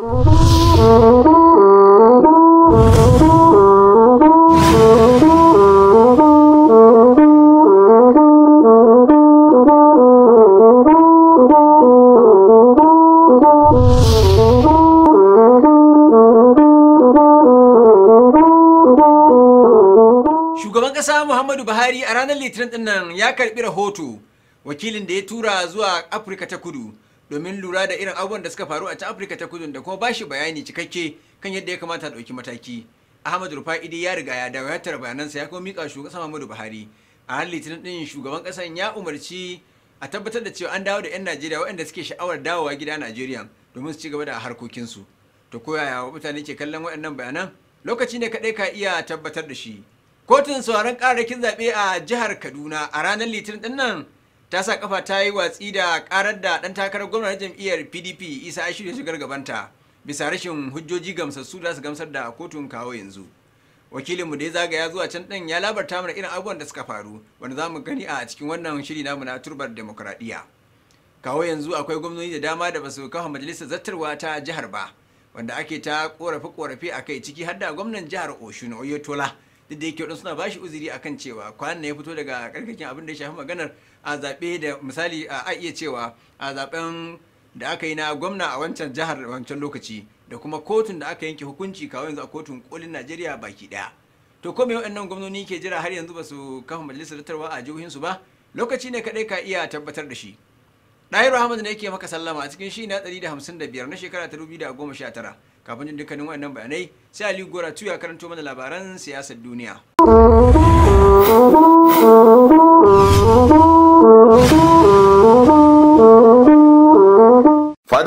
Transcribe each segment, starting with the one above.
Shugaban ƙasa Muhammadu Buhari a ranar Litinin ɗinnan ya karɓi rahoto wakilin da ya tura zuwa Afirka ta Kudu domin lura da irin abubuwan da suka faru a ta afirka ta kudu da kuma bashi bayani cikakke kan yadda ya kamata a ɗauki mataki ahmad rufa'idi ya riga ya dawo ya tara bayanansa ya kuma mika shugaban sama muhammadu buhari a hali litinin ɗin shugaban ƙasan ya umarci a tabbatar da cewa an dawo da 'yan najeriya waɗanda suke sha'awar dawowa gida najeriya domin su ci gaba da harkokinsu to ko yaya mutane ke kallon waɗannan bayanan lokaci ne kaɗai ka iya tabbatar da shi kotun sauraron ƙararrakin zaɓe a jihar kaduna a ranar litinin ɗin nan ta sa kafa ta yi watsi da karar da dan takarar gwamnatin jam'iyyar pdp isa ashiru ya shigar gabanta bisa rashin hujjoji gamsassu da su gamsar da kotun kawo yanzu wakilinmu da ya zagaya zuwa can ɗin ya labarta mana irin abubuwan da suka faru wanda za mu gani a cikin wannan shiri namu na turbar demokuraɗiyya kawo yanzu akwai gwamnoni da dama da basu su kafa majalisar zattarwa ta jihar ba wanda ake ta korafe-korafe a kai ciki har da gwamnan jihar oshun oyetola duk da yake waɗansu suna bashi uzuri akan cewa kwanan ya fito daga karkakin abin da ya shafi maganar a zaɓe da misali a iya cewa a zaɓen da aka yi na gwamna a wancan jihar wancan lokaci da kuma kotun da aka yanke hukunci kawo yanzu a kotun kolin najeriya baki ɗaya to ko me waɗannan gwamnoni ke jira har yanzu ba su kafa majalisar tarwa a jihohinsu ba lokaci ne kaɗai ka iya tabbatar da shi Ɗahiru Ahmad ne ke maka sallama a cikin shi na 155 na shekara ta tara Kafin jin dukkanin waɗannan bayanai, sai Aliyu Gora ya karanto mana labaran siyasar duniya.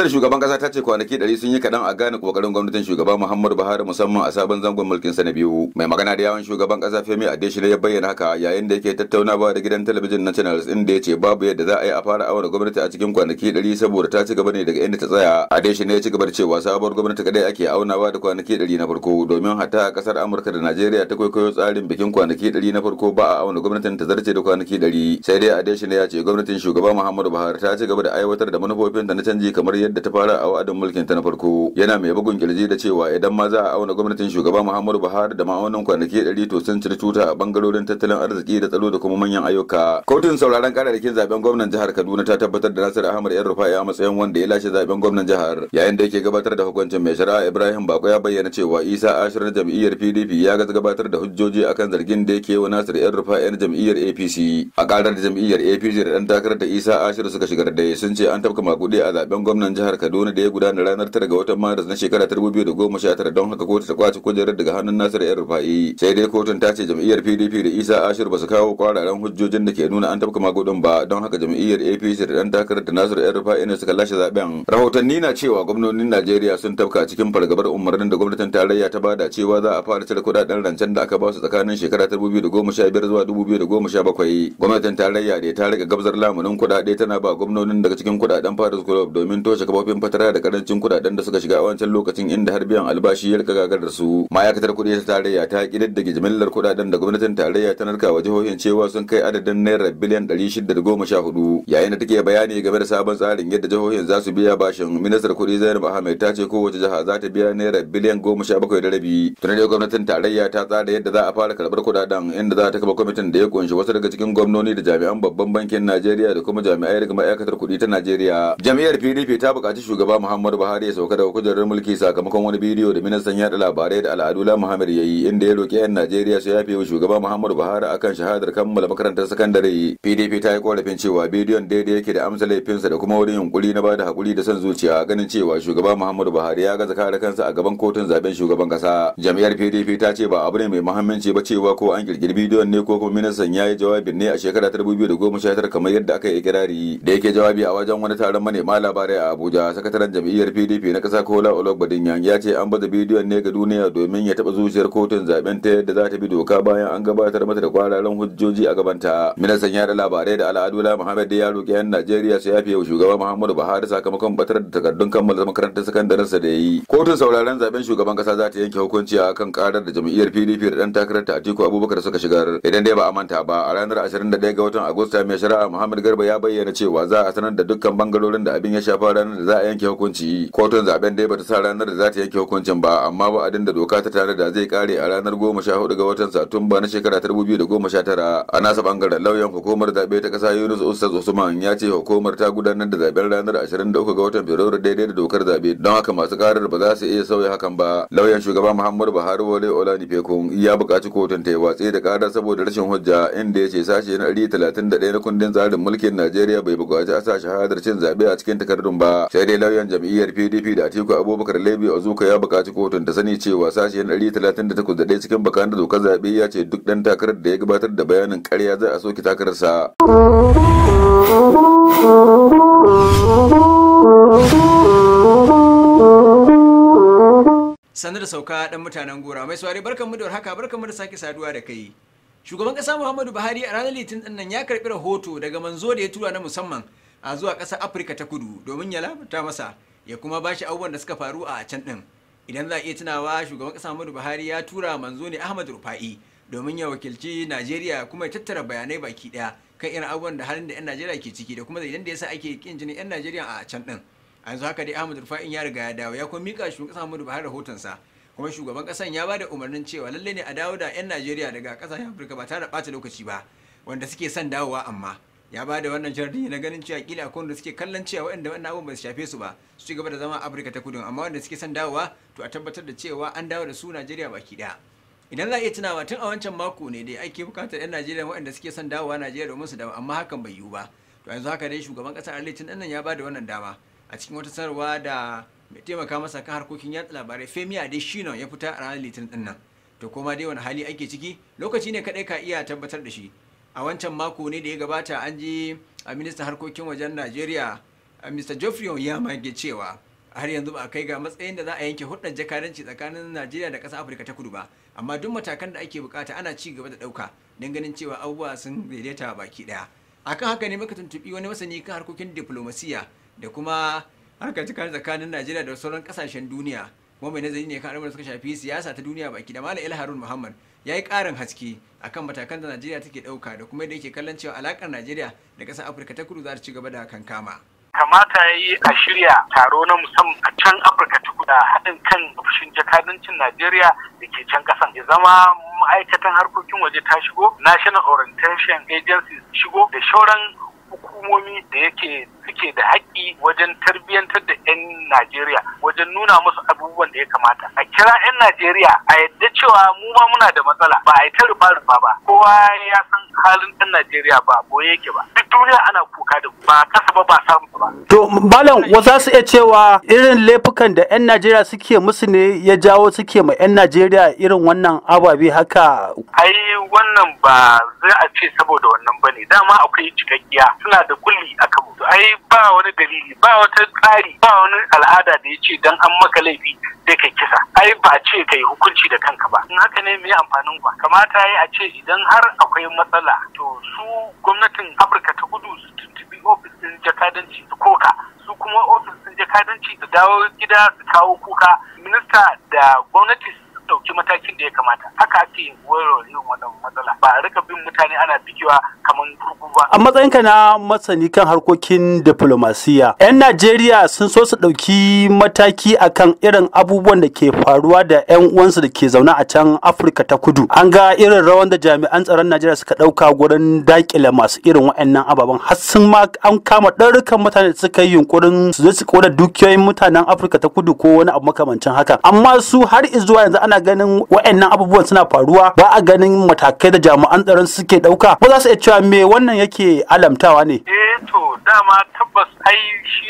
fadar shugaban kasa ta ce kwanaki ɗari sun yi kaɗan a gane kokarin gwamnatin shugaba muhammadu buhari musamman a sabon zangon mulkin sa na biyu mai magana da yawan shugaban kasa femi Adesina ya bayyana haka yayin da yake tattaunawa da gidan talabijin na inda ya ce babu yadda za a yi a fara awar gwamnati a cikin kwanaki ɗari saboda ta ci gaba ne daga inda ta tsaya Adesina ya ci gaba da cewa sabuwar gwamnati kadai ake aunawa da kwanaki ɗari na farko domin hata a kasar amurka da najeriya ta kwaikwayo tsarin bikin kwanaki ɗari na farko ba a auna gwamnatin ta zarce da kwanaki ɗari sai dai adeshina ya ce gwamnatin shugaba muhammadu buhari ta ci gaba da aiwatar da manufofin da na canji kamar yadda Da ta fara a wa'adin mulkin ta na farko yana mai bugun kirji da cewa idan ma za a auna gwamnatin shugaba Muhammadu Buhari da ma'aunin kwanaki 100 to sun ciri tuta a bangarorin tattalin arziki da tsaro da kuma manyan ayyuka. Kotun sauraron kararrakin zaben gwamnan jihar Kaduna ta tabbatar da Nasir Ahmad Yan Rufai a matsayin wanda ya lashe zaben gwamnan jihar yayin da yake gabatar da hukuncin mai shari'a Ibrahim Bako ya bayyana cewa Isa Ashir jam'iyyar PDP ya gabatar da hujjoji akan zargin da yake wa Nasir Yan Rufai yan jam'iyyar APC a karar da jam'iyyar APC da dan takarar da Isa Ashir suka shigar da sun ce an tafka makudi a zaben gwamnan jihar Kaduna da ya gudana ranar 9 ga watan Maris na shekara 2019 don haka kotu ta kwace kujerar daga hannun Nasiru El Rufa'i. Sai dai kotun ta ce jam'iyyar PDP da Isa Ashir ba su kawo kwararen hujjojin da ke nuna an tafka magudun ba don haka jam'iyyar APC da dan takarar da Nasiru El Rufa'i ne suka lashe zaben. Rahotanni na cewa gwamnonin Najeriya sun tafka cikin fargabar umarnin da gwamnatin tarayya ta bada cewa za a fara cire kudaden rancen da aka ba su tsakanin shekara 2015 zuwa 2017. Gwamnatin tarayya da ta rika gabzar lamunin kudade tana ba gwamnonin daga cikin kudaden Paris Club domin toshe toshe kafofin fatara da karancin kudaden da suka shiga a wancan lokacin inda har biyan albashi ya rika gagar da su ma'aikatar kuɗi ta tarayya ta kididdige jimillar kudaden da gwamnatin tarayya ta narka wa jihohin cewa sun kai adadin naira biliyan 614 yayin da take bayani game da sabon tsarin yadda jihohin za su biya bashin ministar kuɗi Zainab Ahmed ta ce kowace jiha za ta biya naira biliyan 17.5 da rabi da gwamnatin tarayya ta tsara yadda za a fara karbar kudaden inda za ta kafa kwamitin da ya kunshi wasu daga cikin gwamnoni da jami'an babban bankin Najeriya da kuma jami'ai daga ma'aikatar kuɗi ta Najeriya jami'ar PDP ta ya buƙaci shugaba Muhammadu Buhari ya sauka daga kujerar mulki sakamakon wani bidiyo da ministan yaɗa labarai da al'adu la Muhammad ya yi inda ya roƙi 'yan Najeriya su yafe wa shugaba Muhammadu Buhari akan shahadar kammala makarantar sakandare. PDP ta yi ƙorafin cewa bidiyon daidai yake da amsa laifinsa da kuma wurin yunkuri na bada haƙuri da son zuciya ganin cewa shugaba Muhammadu Buhari ya gaza kare kansa a gaban kotun zaben shugaban kasa. Jami'ar PDP ta ce ba abu ne mai muhimmanci ba cewa ko an kirkiri bidiyon ne ko kuma ministan ya yi jawabin ne a shekara ta 2019 kamar yadda aka yi ikirari da yake jawabi a wajen wani taron manema labarai a abuja sakataren jam'iyyar pdp na ƙasa kola ologbadinyan ya ce an baza bidiyon ne ga duniya domin ya taɓa zuciyar kotun zaben ta yadda za ta bi doka bayan an gabatar mata da kwararan hujjoji a gabanta ministan yada labarai da al'adu la muhammad ya roƙi 'yan najeriya su yafe wa shugaban muhammadu buhari sakamakon batar da takardun kammala makarantar sakandarensa da ya yi kotun sauraren zaben shugaban ƙasa za ta yanke hukunci a kan karar da jam'iyyar pdp da ɗan takarar ta atiku abubakar suka shigar idan dai ba a manta ba a ranar 21 ga watan agusta mai shari'a muhammad garba ya bayyana cewa za a sanar da dukkan bangarorin da abin ya shafa ranar da za a yanke hukunci kotun zaben dai bata sa ranar da za ta yanke hukuncin ba amma adin da doka ta tare da zai kare a ranar goma sha hudu ga watan satumba na shekara ta dubu biyu da goma sha tara a nasa bangaren lauyan hukumar zaɓe ta kasa yunus ustaz usman ya ce hukumar ta gudanar da zaben ranar ashirin da uku ga watan fabrairu daidai da dokar zaɓe don haka masu karar ba za su iya sauya hakan ba lauyan shugaba muhammadu buhari wale olani fekun ya buƙaci kotun ta yi watsi da karar saboda rashin hujja inda ya ce sashe na ɗari talatin da ɗaya na kundin tsarin mulkin najeriya bai buƙaci a sa shahadar cin zaɓe a cikin takardun ba sai dai lauyan jam'iyyar pdp da atiku abubakar lebi zuka ya bukaci kotun ta sani cewa sashen 138 da ɗaya cikin bakan da dokar zaɓe ya ce duk ɗan takarar da ya gabatar da bayanin karya za a soke takararsa. sanar da sauka dan mutanen gora mai saurari barkan mu da haka barkan mu da sake saduwa da kai shugaban kasa muhammadu buhari a ranar litinin nan ya karbi rahoto daga manzo da ya tura na musamman a zuwa ƙasar afirka ta kudu domin ya lamarta masa ya kuma ba shi abubuwan da suka faru a can ɗin idan za a iya tunawa shugaban ƙasa muhammadu buhari ya tura manzo ne ahmad rufa'i domin ya wakilci najeriya kuma ya tattara bayanai baki ɗaya kan irin abubuwan da halin da 'yan najeriya ke ciki da kuma idan da yasa ake kin jinin 'yan najeriya a can ɗin a yanzu haka dai ahmad Rufa'i ya riga ya dawo ya kuma mika shugaban ƙasa muhammadu buhari rahotonsa kuma shugaban ƙasan ya ba da umarnin cewa lallai ne a dawo da 'yan najeriya daga ƙasashen afirka ba tare da ɓata lokaci ba wanda suke son dawowa amma ya ba da wannan sharadi na ganin cewa kila akwai wanda suke kallon cewa waɗanda wannan abun ba su shafe su ba su ci gaba da zama afirka ta kudu amma wanda suke son dawowa to a tabbatar da cewa an dawo da su najeriya baki daya idan za a iya tunawa tun a wancan mako ne dai ake bukatar 'yan najeriya waɗanda suke son dawowa najeriya domin su dawo amma hakan bai yiwu ba to yanzu haka dai shugaban ƙasar arlitin ɗan nan ya ba da wannan dama a cikin wata sanarwa da mai taimaka masa kan harkokin yatsa labarai femi adesina ya fita a ranar litinin ɗin nan to koma dai wani hali ake ciki lokaci ne kaɗai ka iya tabbatar da shi a wancan mako ne da ya gabata an ji a ministan harkokin wajen najeriya mr geoffrey ya mage cewa har yanzu ba a kai ga matsayin da za a yanke hudar jakadanci tsakanin najeriya da ƙasar afirka ta kudu ba amma duk matakan da ake bukata ana ci gaba da ɗauka don ganin cewa abubuwa sun daidaita baki ɗaya akan haka ne muka tuntuɓi wani masani kan harkokin diplomasiya da kuma harkar tsakanin najeriya da sauran ƙasashen duniya kuma mai nazari ne kan al'amuran suka shafi siyasa ta duniya baki da malam harun muhammad ya yi ƙarin haske akan matakan da najeriya take ɗauka da kuma yadda yake kallon cewa alaƙar najeriya da ƙasar afirka ta kudu za ta ci gaba da kankama kamata ya yi a shirya taro na musamman a can afirka ta kudu haɗin kan ofishin jakadancin najeriya da ke can ƙasan ya zama ma'aikatan harkokin waje ta shigo national orientation agency shigo da shauran hukumomi da yake suke da haƙƙi wajen tarbiyyantar da 'yan Najeriya wajen nuna musu abubuwan da ya kamata. A kira 'yan Najeriya a yadda cewa mu ma muna da matsala ba a yi ta rufa rufa ba. Kowa ya san halin ɗan Najeriya ba boye yake ba. Duk duniya ana kuka da ba kasa ba ba samu ba. To malam wa za su iya cewa irin laifukan da 'yan Najeriya suke musu ne ya jawo suke ma 'yan Najeriya irin wannan ababe haka. Ai wannan ba za a ce saboda wannan ba ne. dama akwai cikakkiya suna da kulli a kanmu ai ba wani dalili ba wata tsari ba wani al'ada da ya ce dan an maka laifi da ka kisa ai ba ce ka yi hukunci da kanka ba in haka ne yi amfanin ba kamata yi a ce idan har akwai matsala to su gwamnatin afirka ta kudu su tuntubi ofis ɗin jakadanci da koka su kuma ofis ɗin jakadanci su dawo gida su kawo kuka minista da gwamnati ɗauki matakin da ya kamata haka ake yin wannan matsala ba a rika bin mutane ana bigewa kamar turku ba a matsayinka na masani kan harkokin diplomasiya 'yan najeriya sun so su ɗauki mataki akan irin abubuwan da ke faruwa da 'yan uwansu da ke zaune a can afirka ta kudu an ga irin rawan da jami'an tsaron najeriya suka ɗauka gurin dakile masu irin waɗannan ababen har sun ma an kama ɗarukan mutane da suka yi yunkurin su zo su dukiyoyin mutanen afirka ta kudu ko wani abu makamancin haka amma su har zuwa yanzu ana ganin wa'annan abubuwan suna faruwa ba a ganin matakai da jami'an tsaron suke ɗauka ba za su iya cewa me wannan yake alamtawa ne. Eh Eh to dama tabbas ai shi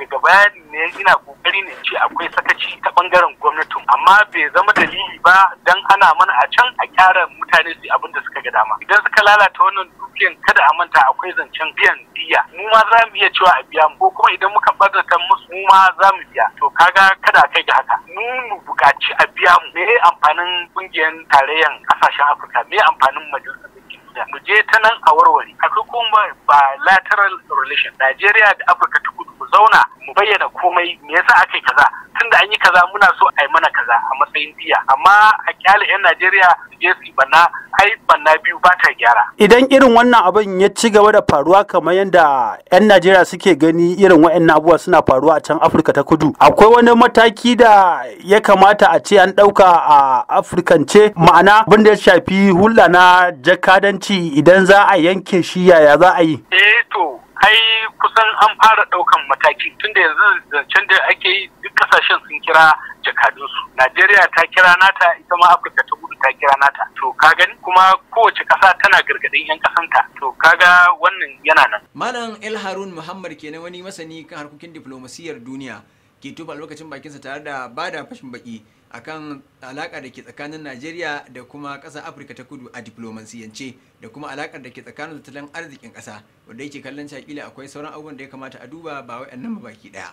daga bayani ne ina kokari ne ce akwai sakaci ta bangaren gwamnatin amma bai zama dalili ba dan ana mana a can a kyara mutane su abin da suka ga dama idan suka lalata wannan dukiyan kada a manta akwai zancen biyan diya mu ma za mu iya cewa a biya mu ko kuma idan muka bazata musu mu ma za mu biya to kaga kada kai ga haka mu mu buƙaci a biya mu me amfanin kungiyar tarayyan ƙasashen Afirka me amfanin majalisar Sudan mu je ta nan a warware akwai kuma bilateral relation Najeriya da Afirka ta Kudu mu zauna mu bayyana komai me yasa aka yi kaza tunda an yi kaza muna so a yi mana kaza a matsayin biya amma a kyale 'yan Najeriya je bana ai biyu ba ta gyara. Idan irin wannan abin ya ci gaba da faruwa kamar yadda 'yan Najeriya suke gani irin wa'annan abubuwa suna faruwa a can Afirka ta kudu. Akwai wani mataki da ya kamata a ce an ɗauka a Afirkance ma'ana abin da ya shafi hulɗa na jakadanci idan za a yanke shi yaya za a yi. Eh to ai kusan an fara ɗaukan mataki tunda yanzu zancen da ake yi duk kasashen sun kira jakadunsu najeriya ta kira nata ita ma afirka ta gudu ta kira nata to ka gani kuma kowace ƙasa tana gargaɗin 'yan ƙasanta to ga wannan yana nan malam el harun muhammad kenan wani masani kan harkokin diflomasiyyar duniya ke tuba lokacin bakinsa tare da bada fashin baki akan alakar da ke tsakanin Najeriya da kuma ƙasar Afirka ta Kudu a diplomasiyance da kuma alakar da ke tsakanin tattalin arzikin ƙasa wanda yake kallon cakila akwai sauran abubuwan da ya kamata a duba ba wa'annan ba baki ɗaya.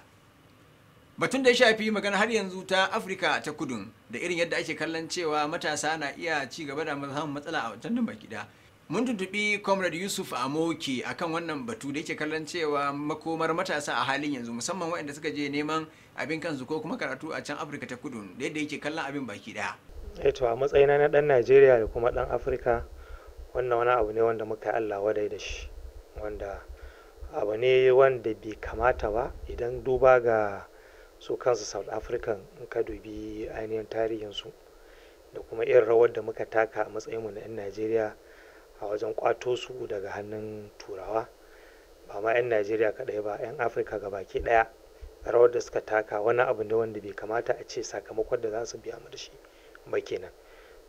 Batun da ya shafi magana har yanzu ta Afirka ta Kudu da irin yadda ake kallon cewa matasa na iya ci gaba da samun matsala a wajen baki ɗaya. mun tuntubi comrade yusuf amoki akan wannan batu da yake kallon cewa makomar matasa a halin yanzu musamman waɗanda suka je neman abin kansu ko kuma karatu a can afirka ta kudu da yadda yake kallon abin baki daya eh to a matsayina na dan najeriya da kuma dan afirka wannan wani abu ne wanda muka yi allah wadai da shi wanda abu ne wanda bai kamata ba idan duba ga su kansu south african in ka dubi ainihin tarihinsu da kuma irin rawar da muka taka a matsayinmu na 'yan najeriya a wajen kwato su daga hannun turawa ba ma 'yan najeriya kadai ba 'yan afirka ga ke ɗaya rawar da suka taka wani abu ne wanda bai kamata a ce sakamakon da za su biya mu da shi ba kenan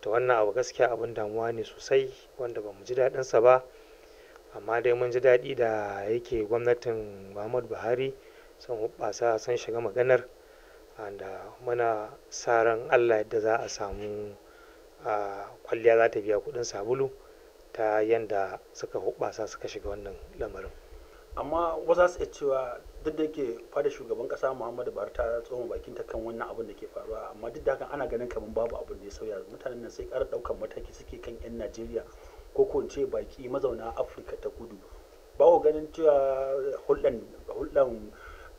to wannan abu gaskiya abin damuwa ne sosai wanda ba mu ji sa ba amma dai mun ji daɗi da yake gwamnatin muhammadu buhari sun hubbasa sun shiga maganar da ah, muna sa ran allah yadda za a samu ah, kwalliya za ta biya kuɗin sabulu ta yanda suka hubasa suka shiga wannan lamarin amma wasu su cewa duk da ke fada shugaban kasa muhammadu buhari ta tsohon bakin ta kan wannan abin da ke faruwa amma duk da hakan ana ganin kamar babu abin da ya sauya mutanen nan sai kara ɗaukar mataki suke kan 'yan najeriya ko ko ce baki mazauna afirka ta kudu ba ku ganin cewa hulɗan hulɗan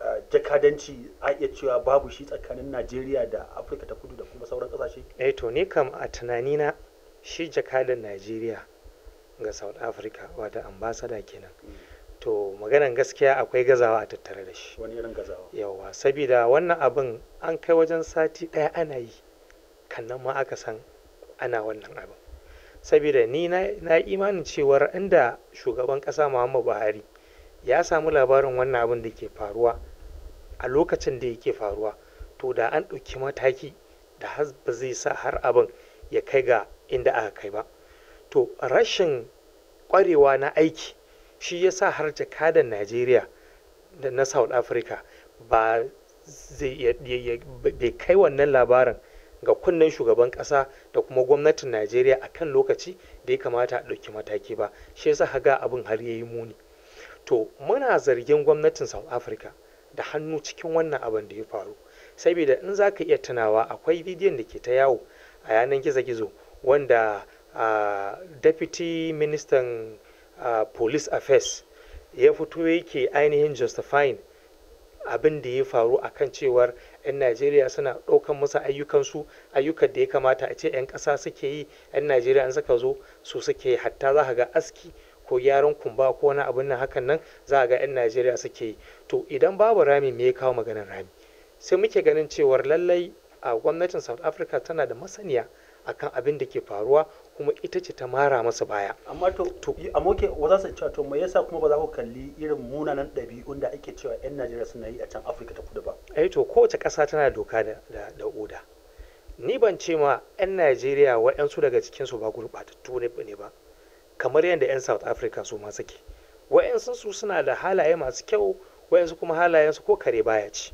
eh, jakadanci a iya cewa babu shi tsakanin najeriya da afirka ta kudu da kuma sauran ƙasashe eh to ni kam a tunanina shi jakadan najeriya ga south africa wata ambasada kenan to maganan gaskiya akwai gazawa a tattare da shi wani irin gazawa yawa saboda wannan abin an kai wajen sati ɗaya ana yi kannan ma aka san ana wannan abin sabida ni na imanin cewar inda shugaban ƙasa muhammadu buhari ya samu labarin wannan abin da ke faruwa a lokacin da yake faruwa to da an ɗauki mataki da ba zai sa har abin ya kai ga inda aka kai ba to rashin ƙwarewa na aiki shi ya sa har jakadan najeriya da na south africa ba zai, bai kai wannan labarin ga kunnen shugaban ƙasa da kuma gwamnatin najeriya a kan lokaci da ya kamata a ɗauki mataki ba shi ya yasa ga abin har ya yi muni to muna zargin gwamnatin south africa da hannu cikin wannan abin da ya faru saboda in za ka iya tunawa akwai bidiyon da ke ta yawo a yanar gizo-gizo wanda Uh, deputy ministan uh, police affairs ya fito yake ainihin justifying abin da ya faru a kan cewar 'yan najeriya suna ɗaukan masa ayyukansu ayyukan da ya kamata a ce 'yan ƙasa suke yi 'yan najeriya an suka zo su suke hatta za ga aski ko gyaran kumba ko wani abin nan hakan nan za a ga 'yan najeriya suke yi to idan babu rami me ya kawo maganin rami sai muke ganin cewar lallai a gwamnatin south africa tana da masaniya akan abin da ke faruwa kuma ita ce ta mara masa baya amma to a moke wa za su cewa to me yasa kuma ba za ku kalli irin munanan ɗabi'un da ake cewa yan najeriya suna yi a can afirka ta kudu ba eh to kowace ƙasa tana da doka da oda ni ban ce ma yan najeriya wayansu daga cikinsu ba gurɓatattu ne ba kamar yadda yan south africa su ma suke waɗansu su suna da halaye masu kyau wayansu kuma halayensu ko kare baya ce.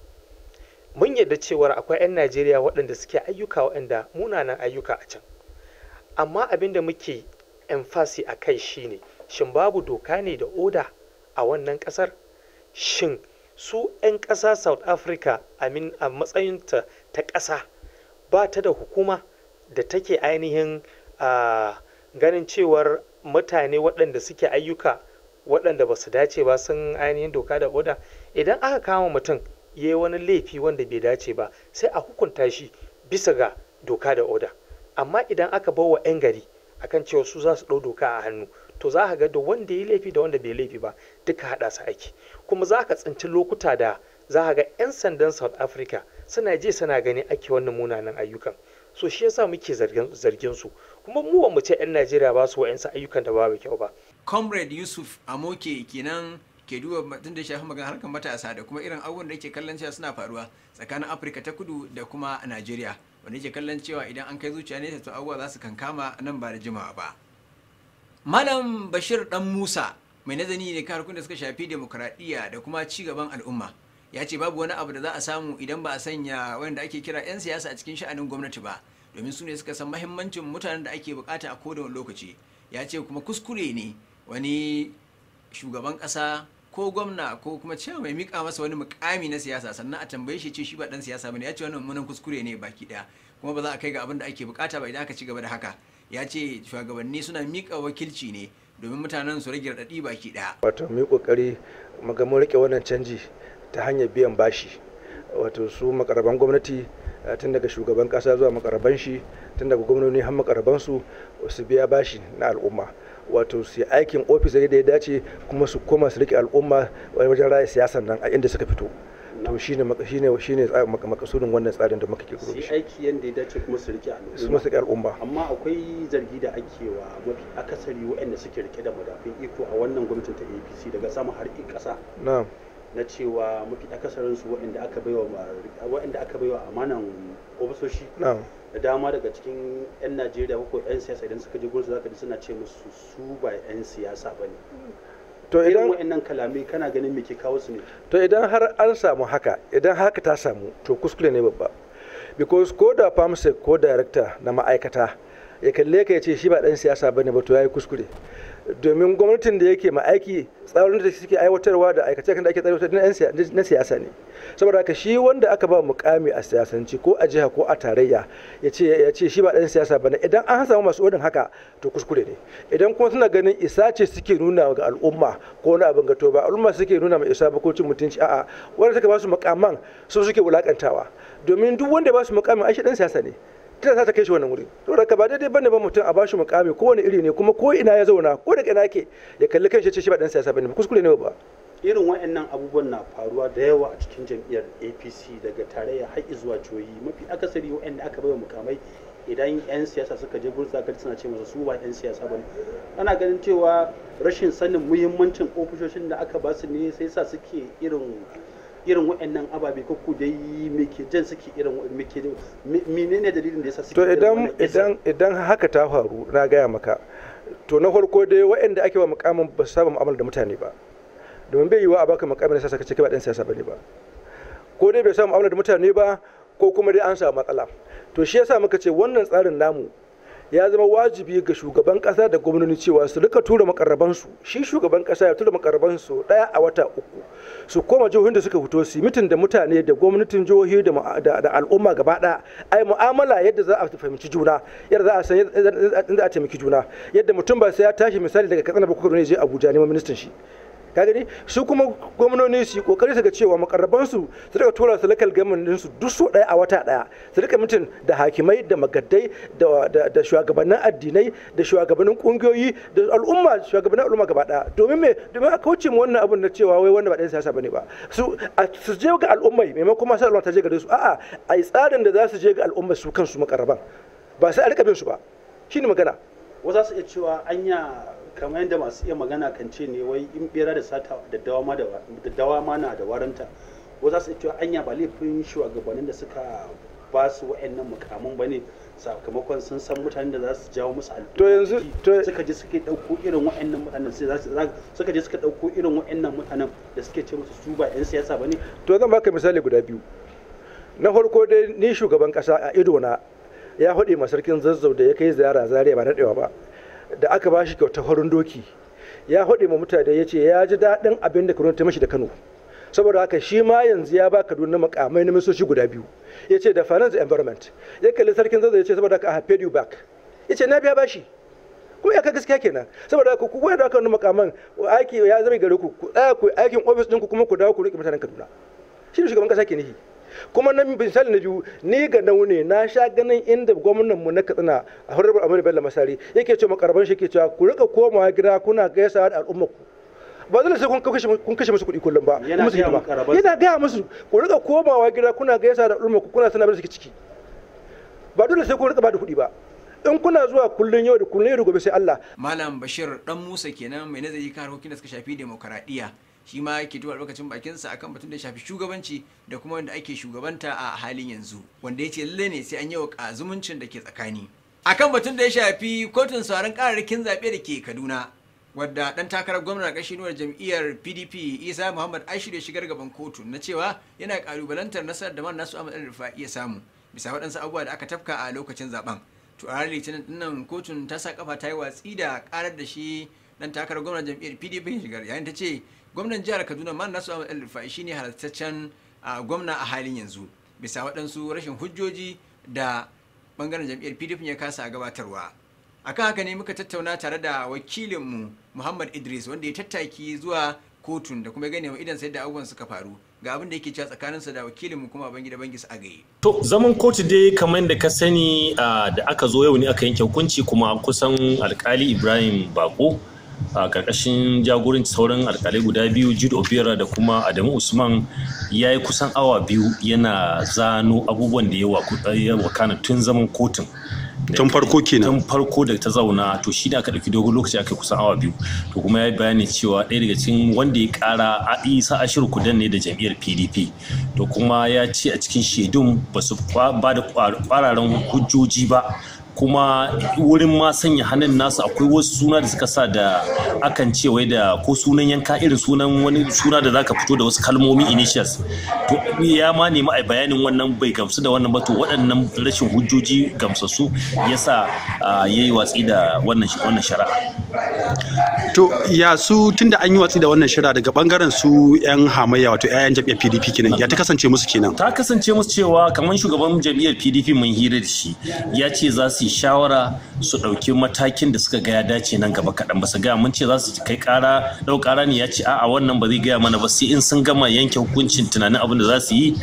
mun yadda cewar akwai 'yan najeriya waɗanda suke ayyuka waɗanda munanan ayyuka a can amma abin da muke emfasi a kai shine shin babu doka ne da oda a wannan ƙasar shin su 'yan ƙasa south africa a matsayinta ta ƙasa ba ta da hukuma da take ainihin ganin cewar mutane waɗanda suke ayyuka waɗanda ba su dace ba sun ainihin doka da oda idan aka kama mutum ya yi wani laifi wanda bai dace ba sai a hukunta shi bisa ga doka da oda amma idan aka bawa 'yan gari akan cewa su za su ɗau doka a hannu to za ka ga da wanda ya laifi da wanda bai laifi ba duka haɗa su aiki kuma za ka tsinci lokuta da za ka ga 'yan sandan south africa suna je suna gani ake wannan munanan ayyukan so shi yasa muke zargin su kuma mu ba mu ce 'yan najeriya ba su wa'yansu ayyukan da babu kyau ba comrade yusuf amoke kenan ke duba tun da shafi magana harkar matasa da kuma irin abubuwan da ke kallon cewa suna faruwa tsakanin afirka ta kudu da kuma najeriya wanda ke kallon cewa idan an kai zuciya ne to abubuwa za su kankama nan ba da jimawa ba malam bashir dan musa mai nazari ne kan harkokin da suka shafi demokradiyya da kuma ci gaban al'umma ya ce babu wani abu da za a samu idan ba a sanya wanda ake kira 'yan siyasa a cikin sha'anin gwamnati ba domin su ne suka san mahimmancin mutanen da ake bukata a kodawan lokaci ya ce kuma kuskure ne wani shugaban kasa ko gwamna ko kuma cewa mai mika masa wani mukami na siyasa sannan a tambaye shi ce shi ba dan siyasa bane ya ce wannan munan kuskure ne baki daya kuma ba za a kai ga abin da ake bukata ba idan aka ci gaba da haka ya ce shugabanni suna mika wakilci ne domin mutanen su rage radadi baki daya wato mu kokari maga mu rike wannan canji ta hanyar biyan bashi wato su makaraban gwamnati eh, tun daga shugaban kasa zuwa makaraban shi tun daga gwamnoni har makaraban su su biya bashi na al'umma wato su yi aikin ofis da ya dace kuma su koma su rike al'umma wajen raya siyasan nan a inda suka fito to shine shine shine makasudin wannan tsarin da muka kirkiro shi aiki yanda ya dace kuma su rike al'umma su rike al'umma amma akwai zargi da ake wa mafi akasari waɗanda suke rike da madafin iko a wannan gwamnatin ta APC daga sama har ƙasa na'am na cewa mafi akasarin su waɗanda aka baiwa waɗanda aka baiwa amanan ofisoshi na'am da dama daga cikin 'yan najeriya ko 'yan siyasa idan suka je gurin ka ji suna ce musu su ba 'yan siyasa ba ne to idan wa'annan kalami kana ganin me ke kawo su ne to idan har an samu haka idan haka ta samu to kuskure ne babba because ko da famsec ko director na ma'aikata ya kalle ka ya ce shi ba ɗan siyasa bane ba to ya yi kuskure domin gwamnatin da yake aiki tsarin da suke aiwatarwa da aikace kan da ake tsarautar na siyasa ne saboda haka shi wanda aka ba mukami a siyasanci ko a jiha ko a tarayya ya ce shi ba dan siyasa bane idan an samu masu odin haka to kuskure ne idan kuma suna ganin isa ce suke nuna ga al'umma ko wani abin gato ba al'umma suke nuna ma isa ba ko cin mutunci a'a wanda suka ba su mukaman su suke wulakantawa domin duk wanda ba su mukamin ai shi dan siyasa ne ta za ta kai shi wannan wuri to da ba daidai bane ba mutum a bashi mukami ko wani iri ne kuma ko ina ya zauna ko da ina yake ya kalli kanshi ce shi ba dan siyasa bane kuskure ne ba irin wa'annan abubuwan na faruwa da yawa a cikin jam'iyyar APC daga tarayya har zuwa joyi mafi akasari wa'anda aka baiwa mukamai idan 'yan siyasa suka je gurin zakar suna ce masa su ba 'yan siyasa ba ana ganin cewa rashin sanin muhimmancin ofishoshin da aka ba su ne sai sa suke irin irin waɗannan ababe ko ku dai me ke jan suke irin me ke menene dalilin da yasa suke to idan idan idan haka ta faru na gaya maka to na farko dai waɗanda ake wa mukamin ba su saba mu'amala da mutane ba domin bai yiwa a baka mukamin siyasa kace kai ba dan siyasa bane ba ko dai bai samu mu'amala da mutane ba ko kuma dai an samu matsala to shi yasa muka ce wannan tsarin namu ya zama wajibi ga shugaban kasa da gwamnoni cewa su rika tura makarrabansu shi shugaban kasa ya tura makarrabansu daya a wata uku su koma jihohin da suka fito su mitin da mutane da gwamnatin jihohi da al'umma gaba daya ai mu'amala yadda za a fahimci juna yadda za a san yadda a taimaki juna yadda mutum ba sai ya tashi misali daga katsina ba kuka ne je abuja neman ministan shi ka gani su kuma gwamnoni su yi kokari su ga cewa makarraban su su daga tura su lakal gamin su duk so daya a wata daya su rika mutum da hakimai da magaddai da shugabannin addinai da shugabannin kungiyoyi da al'umma shugabannin al'umma gaba daya domin me domin a kauce mu wannan abun na cewa wai wanda ba dan siyasa bane ba su su je ga al'ummai maimakon ma sai al'umma ta je gare su a'a a yi tsarin da za su je ga al'umma su kansu makarraban ba sai a rika bin su ba shine magana wasu su iya cewa anya kamar yadda masu iya magana kan ce ne wai in bera da sata da dawa ma na da waranta ko za su iya cewa anya ba laifin shugabannin da suka ba su wa'annan mukamin ba ne sakamakon sun san mutanen da za su jawo musu alƙawari suka je suke irin wa'annan mutanen sai za su suka suka ɗauko irin wa'annan mutanen da suke ce musu su ba 'yan siyasa ba ne to zan baka misali guda biyu na farko dai ni shugaban kasa a ido na ya haɗe ma sarkin zazzau da ya kai ziyara zaria ba na ɗewa ba da aka ba shi kyauta horon doki ya haɗe ma mutane ya ce ya ji daɗin abin da kaduna ta mashi da kano saboda haka shi ma yanzu ya ba kaduna makamai na misoshi guda biyu ya ce da finance environment ya kalli sarkin zazzai ya ce saboda haka i have paid you back ya ce na biya shi kuma ya ka gaskiya kenan saboda haka ku wayar da aka nuna makaman aiki ya zama gare ku ku tsaya ku aikin office ɗinku kuma ku dawo ku rike mutanen kaduna shi ne shugaban ƙasa ke nihi kuma na misali na biyu ni ga naune na sha ganin inda gwamnan mu na katsina a hurbar amir bello masari yake cewa makarban shi ke cewa ku rika komawa gida kuna gaisa da al'ummar ku ba zai sai kun kashe musu kuɗi kullum ba yana gaya musu ku rika komawa gida kuna gaisa da al'ummar ku kuna sana da suke ciki ba dole sai kun rika ba da kuɗi ba in kuna zuwa kullun yau da kullun yau da gobe sai Allah malam bashir dan musa kenan mai nazari kan harkokin da suka shafi demokradiya shi ma yake lokacin lokacin bakinsa akan batun da shafi shugabanci da kuma wanda ake shugabanta a halin yanzu wanda ya ce lalle ne sai an yi wa kazumuncin da ke tsakani akan batun da ya shafi kotun sauran kararrakin zaɓe da ke kaduna wadda dan takarar gwamna nuwar jam'iyyar pdp isa muhammad ashiru shigar gaban kotu na cewa yana kalubalantar nasarar da man nasu amadar rufa iya samu bisa waɗansu abubuwa da aka tafka a lokacin zaben to a litinin dinnan kotun ta sa kafa ta yi watsi da karar da shi dan takarar gwamna jam'iyyar pdp shigar yayin ta ce gwamnan jihar kaduna man nasu ahmad shi shine halartaccen gwamna a halin yanzu bisa waɗansu rashin hujjoji da bangaren jam'iyyar pdp ya kasa gabatarwa A kan haka ne muka tattauna tare da wakilinmu muhammad idris wanda ya tattaki zuwa kotun da kuma gane wa idan sai da abubuwan suka faru ga abin da yake cewa tsakaninsa da wakilinmu kuma bangi da bangi a gaye. To zaman kotu dai kamar da ka sani da aka zo yau ne aka yanke hukunci kuma kusan alkali Ibrahim Bako a karkashin jagoranci sauran alkalai guda biyu jude obiora da kuma adamu usman ya yi kusan awa biyu yana zano abubuwan da ya wakana tun zaman kotun tun farko kenan tun farko da ta zauna to shi ne aka ɗauki dogon lokaci aka kusan awa biyu to kuma ya yi bayani cewa ɗaya daga cikin wanda ya ƙara a isa ashiru kudan ne da jam'iyyar pdp to kuma ya ce a cikin shaidun ba su ba da ƙwararren hujjoji ba kuma wurin ma sanya hannun nasu akwai wasu suna da suka sa da akan ce wai da ko sunan yanka irin sunan wani suna da zaka fito da wasu kalmomi initials to ya ma nemi a bayanin wannan bai gamsu da wannan ba to waɗannan rashin hujjoji gamsassu yasa yi watsi da wannan wannan shari'a to ya su tunda an yi watsi da wannan shari'a daga bangaren su yan hamayya wato yayan jam'iyyar PDP kenan ya ta kasance musu kenan ta kasance musu cewa kamar shugaban jam'iyyar PDP mun hira da shi ya ce za su yi shawara su ɗauki matakin da suka gaya dace nan gaba kaɗan ba su gaya mun ce za su kai ƙara ɗau ƙara ne ya ce a'a wannan ba zai gaya mana ba sai in sun gama yanke hukuncin tunanin abin da za su yi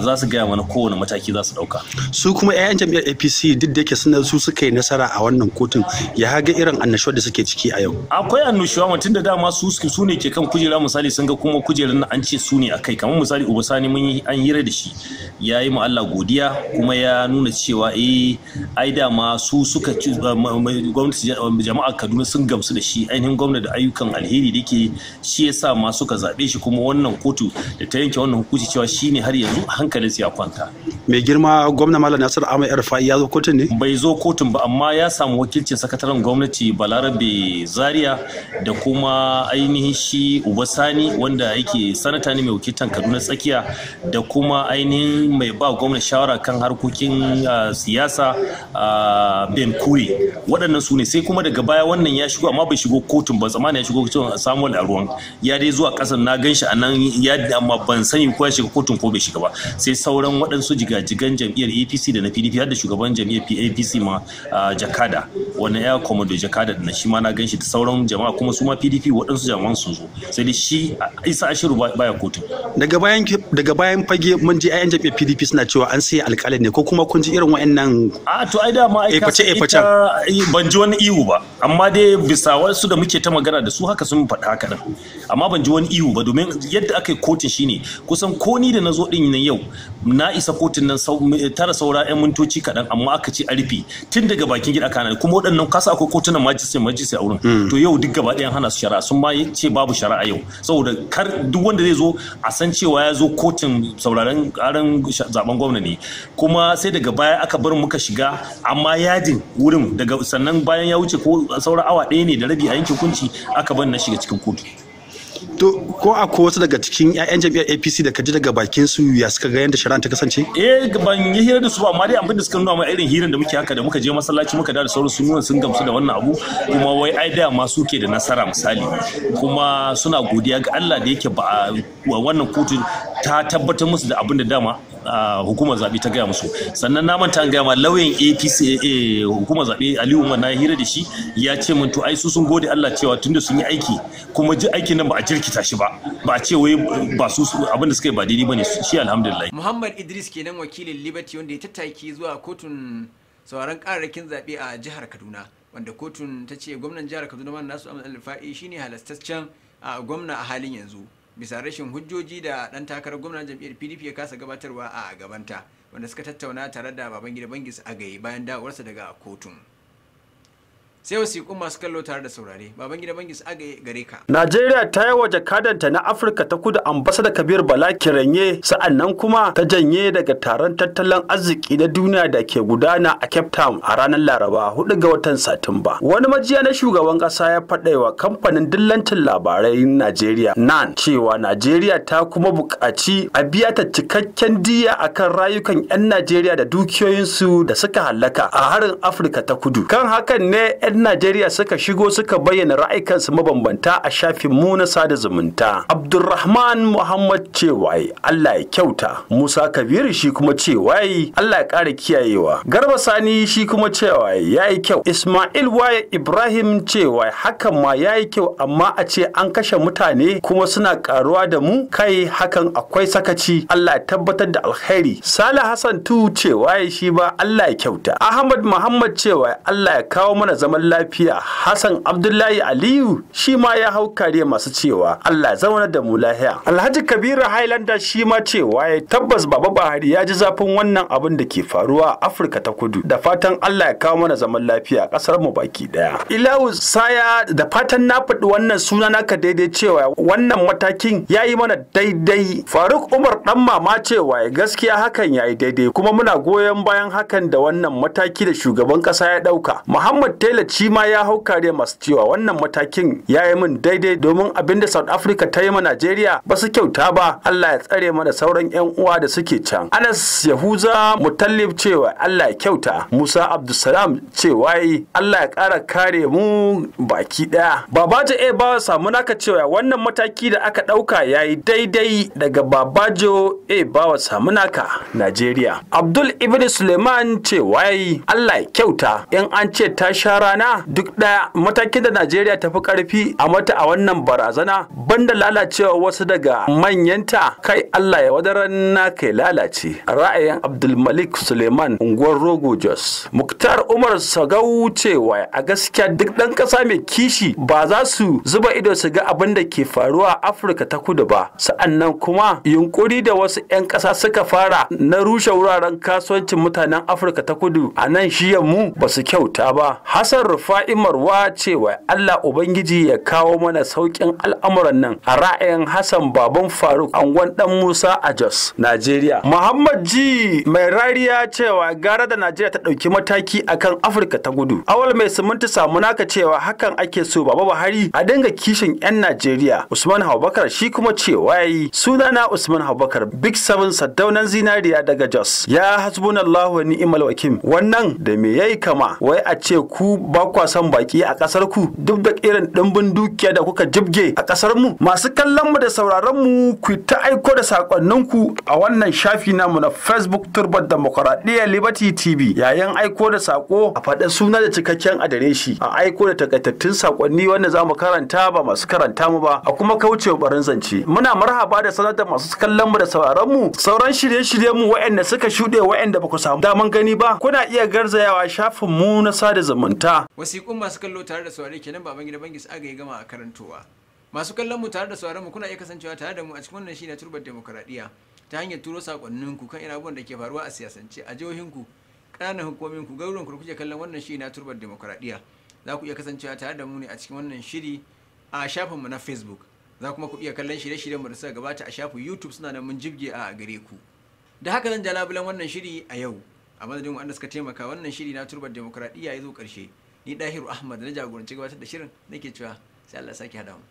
za su gaya mana kowane mataki za su ɗauka. su kuma 'ya'yan jam'iyyar apc duk da ke suna su suka yi nasara a wannan kotun ya ga irin annashuwa da suke ciki a yau. akwai annashuwa tun da dama su su ne ke kan kujera misali sun ga kuma kujerar na an ce su ne a kai kamar misali uba sani mun yi an hira da shi ya yi mu Allah godiya kuma ya nuna cewa eh ai dama amma su suka ci gwamnati jama'a kaduna sun gamsu da shi ainihin gwamna da ayyukan alheri da ke shi ya sa ma suka zaɓe shi kuma wannan kotu da ta yanke wannan hukunci cewa shi ne har yanzu hankalin ya kwanta. mai girma gwamna malam nasir ahmed rufai ya zo kotun ne. bai zo kotun ba amma ya samu wakilcin sakataren gwamnati balarabe zaria da kuma ainihin shi ubasani wanda yake sanata ne mai wakiltan kaduna tsakiya da kuma ainihin mai ba gwamna shawara kan harkokin ah, siyasa ah, ben um, kure waɗannan su ne sai kuma daga baya wannan ya shigo amma bai shigo kotun ba tsamani ya shigo kotun samuel aruwan ya dai zuwa ƙasar na gan shi a nan ya amma ban sani ko ya shiga kotun ko bai shiga ba sai sauran waɗansu jigajigan jam'iyyar apc da na pdp har da shugaban jam'iyyar apc ma uh, jakada wani ya komodo jakada da shi ma na gan shi da sauran jama'a kuma su ma pdp waɗansu jama'an sun zo sai dai shi isa ashiru baya kotun daga bayan daga bayan fage mun je 'ya'yan jam'iyyar pdp suna cewa an sai alƙalin ne ko kuma kun ji irin wa'annan a to ai dama kuma ban ji wani ihu ba amma dai bisa wasu da muke ta magana da su haka sun faɗa haka din amma ban ji wani ihu ba domin yadda aka yi kotun shine kusan ko ni da nazo din nan yau na isa kotun nan tara saura yan mintoci kaɗan amma aka ce a rufe tun daga bakin gida kana kuma waɗannan kasa akwai kotunan majisai majisai a wurin hmm. to yau duk gaba ɗayan hana su shari'a sun ma ce babu shara'a yau saboda kar duk wanda zai zo a san cewa ya zo kotun sauraron ƙaran zaben gwamna ne kuma sai daga baya aka bar muka shiga amma amma yajin wurin daga sannan bayan ya wuce ko saura awa ɗaya ne da rabi a yankin kunci aka ban na shiga cikin kotu to ko a ko wasu daga cikin 'ya'yan jam'iyyar apc da kaji daga bakin su ya suka ga yanda shari'a ta kasance eh ban yi hira da su amma dai abin da suka nuna mai irin hirin da muke haka da muka je masallaci muka da sauran sun nuna sun gamsu da wannan abu kuma wai ai da ma suke da nasara misali kuma suna godiya ga Allah da yake ba wannan kotu ta tabbatar musu da abin da dama hukumar zaɓe ta gaya musu sannan na manta an gaya ma lauyan apc eh, hukumar zaɓe aliyu umar na hira da shi ya ce min to ai su sun gode allah cewa tunda sun yi aiki kuma ji aikin nan ba a jirkita shi ba ba a ce wai ba su abin da suka yi ba daidai ba ne shi alhamdulillah muhammad idris kenan wakilin liberty wanda ya tattaki zuwa kotun sauran kararrakin zaɓe a jihar kaduna wanda kotun ta ce gwamnan jihar kaduna man nasu alfa'i shine halastaccen a gwamna a halin yanzu bisa rashin hujjoji da dan takarar gwamnan jam'iyyar pdp ya kasa gabatarwa a gabanta wanda suka tattauna tare da babangida bangis a gayi bayan dawowarsa daga kotun sai wasiƙun masu kallo tare da saurare baban gida su aga gare ka najeriya ta yi waje kadanta na afirka ta kudu da kabir bala kiranye sa'annan kuma ta janye daga taron tattalin arziki na duniya da ke gudana a cape town a ranar laraba 4 ga watan satumba wani majiya na shugaban kasa ya faɗa wa kamfanin dillancin labarai najeriya nan cewa najeriya ta kuma buƙaci a biya ta cikakken diya akan rayukan 'yan najeriya da dukiyoyinsu da suka hallaka a harin afirka ta kudu kan hakan ne 'yan Najeriya suka shigo suka bayyana ra'ayikansu mabambanta a shafin mu na sada zumunta. Abdulrahman Muhammad Cewai Allah ya kyauta, Musa Kabiru shi kuma Cewai Allah ya ƙara kiyayewa. Garba Sani shi kuma Cewai ya yi kyau. Ismail Waye Ibrahim Cewai hakan ma ya yi kyau amma a ce an kashe mutane kuma suna karuwa da mu kai hakan akwai sakaci Allah ya tabbatar da alkhairi. Salih Hassan Tu Cewai shi ba Allah ya kyauta. Ahmad Muhammad Cewai Allah ya kawo mana zaman zaman lafiya Hassan Abdullahi Aliyu shi ma ya hau kare masu cewa Allah zauna da mu lahiya. Alhaji Kabiru Highlander shi ma cewa ya tabbas Baba Buhari ya ji zafin wannan abin da ke faruwa a Afirka ta Kudu da fatan Allah ya kawo mana zaman lafiya kasar mu baki daya. Ilawu Saya da fatan na faɗi wannan suna naka daidai cewa wannan matakin ya yi mana daidai. Faruk Umar ɗan mama cewa gaskiya hakan ya yi daidai kuma muna goyon bayan hakan da wannan mataki da shugaban ƙasa ya ɗauka. Muhammad Taylor shi ma ya hau kare masu cewa wannan matakin ya yi min daidai domin abin da South Africa ta yi ma Najeriya ba su kyauta ba Allah ya tsare mana sauran 'yan uwa da suke can. Anas Yahuza Mutallib cewa Allah ya kyauta Musa Abdulsalam cewa Allah ya ƙara kare mu baki ɗaya. Babaje A ba samu naka cewa wannan mataki da aka ɗauka ya yi daidai daga Babajo ba bawa samu naka Najeriya. Abdul Ibn Suleiman cewa Allah ya kyauta in an ce ta sha rana ma'ana duk ɗaya matakin da najeriya ta fi ƙarfi a mata a wannan barazana banda lalacewa wasu daga manyanta kai allah ya wadaran na kai lalace ra'ayin abdulmalik suleiman unguwar rogo jos muktar umar sagau cewa a gaskiya duk ɗan ƙasa mai kishi ba za su zuba ido su ga abin da ke faruwa a afirka ta kudu ba sa'annan kuma yunkuri da wasu 'yan ƙasa suka fara na rushe wuraren kasuwancin mutanen afirka ta kudu a nan shiyan mu ba su kyauta ba hassan rufa'i cewa Allah Ubangiji ya kawo mana sauƙin al'amuran nan a ra'ayin Hassan Baban Faruk angon ɗan Musa a Jos, Najeriya. Muhammad G. mai rariya cewa gara da Najeriya ta ɗauki mataki akan Afirka ta gudu. Awal mai siminti samu naka cewa hakan ake so Baba Buhari a dinga kishin 'yan Najeriya. Usman habakar shi kuma cewa yayi sunana Usman habakar Big Seven sadaunan Zinariya daga Jos. Ya hasbunallahu wa ni'mal wakim. Wannan da me yayi kama wai a ce ku ba ba kwa son baki a ƙasar ku duk da irin ɗimbin dukiya da kuka jibge a ƙasar mu masu kallon mu da sauraron mu ku ta aiko da sakonnin ku a wannan shafi namu na Facebook Turbar Demokradiyya Liberty TV yayin aiko da sako a faɗa suna da cikakken adireshi a aiko da takaitattun sakonni wanda za mu karanta ba masu karanta mu ba a kuma kaucewa barin zance muna marhaba da sanar da masu kallon mu da sauraron mu sauran shirye-shiryen mu waɗanda suka shuɗe waɗanda ba ku samu daman gani ba kuna iya garzayawa shafin mu na sada zumunta wasiƙun masu kallo tare da saurari kenan baban gida bangis aga ya gama a karantowa masu kallon mu tare da saurari mu kuna iya kasancewa tare da mu a cikin wannan shine turbar demokradiya ta hanyar turo sakonnin ku kan irabuwan da ke faruwa a siyasance a jihohin ku ƙananan hukumomin ku gauran ku kuke kallon wannan shine turbar demokradiya za ku iya kasancewa tare da mu ne a cikin wannan shiri a shafinmu na facebook za kuma ku iya kallon shirye-shiryenmu da suka gabata a shafin youtube suna da mun jibge a gare ku da haka zan ja labulan wannan shiri a yau a madadin wanda suka taimaka wannan shiri na turbar ya zo ƙarshe ni dahiru ahmad na jagoranci gabatar da shirin nake cewa sai allah sake hada mu